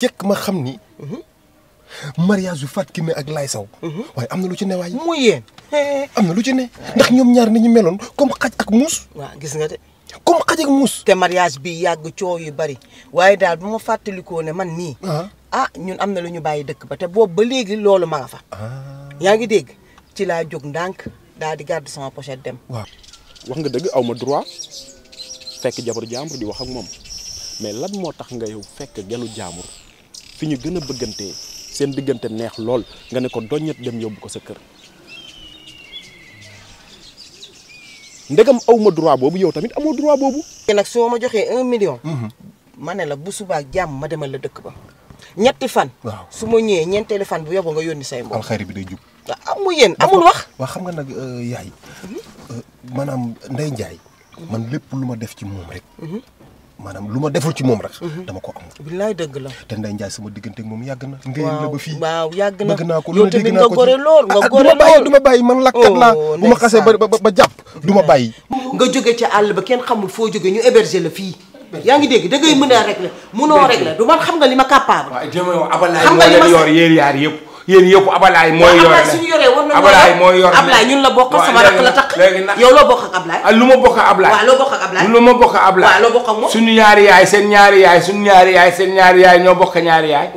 jëkk ma xam ni. Mhm. mariage yu ki Kiné ak Laye Sow. Mhm. waaye am na lu ci ne waaye. muy yéen. am na lu ci ne ndax ñoom ñaar nañu meloon comme xaj ak muus. gis nga de. comme xaj te mariage bi yàgg coow yu bari waaye daal bu ma fàttalikoo ne man nii. Ah. ah ñun am na lu ñu bàyyi dëkk ba te boobu ba léegi loolu ma nga fa. Ah. yaa ngi dégg ci laa jóg ndànk daal di garde sama pochette dem. waa wax nga dëgg aw ma droit fekk jabar jàmbur di wax ak moom mais lan moo tax nga yow fekk gelu jàmbur. fi ñu gën a seen digënté neex lool nga ne ko doñat dem yobbu ko sa kër ndegam awma droit bobu yow tamit amo droit bobu nag soo ma joxé 1 million. Mhm. ma ne la bu suba jam ma demal la dëkk ba. ñetti fan. suma ñëw ma ñëwee fan bu yobbu nga yoni say mbokk. al alxayri bi day jub. Ah, amu yeen amul wax. wa xam nga nak euh, yaay mhm. euh, manam ndey Ndiaye. man lepp luma def ci mom rek. Mhm. maanaam lu ma deful ci moom rek. Mhm. dama ko amul. billaay dëgg la. te Ndeye Ndiaye sama diggante ak moom yàgg na. waaw waaw fii bëgg naa ko loolu dégg ko ci ah du ma bàyyi du ma bàyyi man lakkat naa oh, bu ma xasee ba ba jàpp du ma bàyyi. nga jóge ca àll ba kenn xamul foo joge ñu héberger la fii. yaa ngi dégg da ngay mën a régler mënoo régler du man xam nga li ma capable. waaw jéem a abalaay moo leen yor yéer yaar yëpp yéen yëpp la suñu yoree war nañu abalaay mooy yor ablaay ñun la la tax léegi nag yow loo bokk ak ablaay ah, lu ma bokk ak ablaay waaw loo bokk ak ablaay lu ma bokk ak ablaay waaw loo bokk ak moom suñu ñaari yaay seen ñaari yaay suñu ñaari yaay seen ñaari yaay ñoo bokk ñaari yaay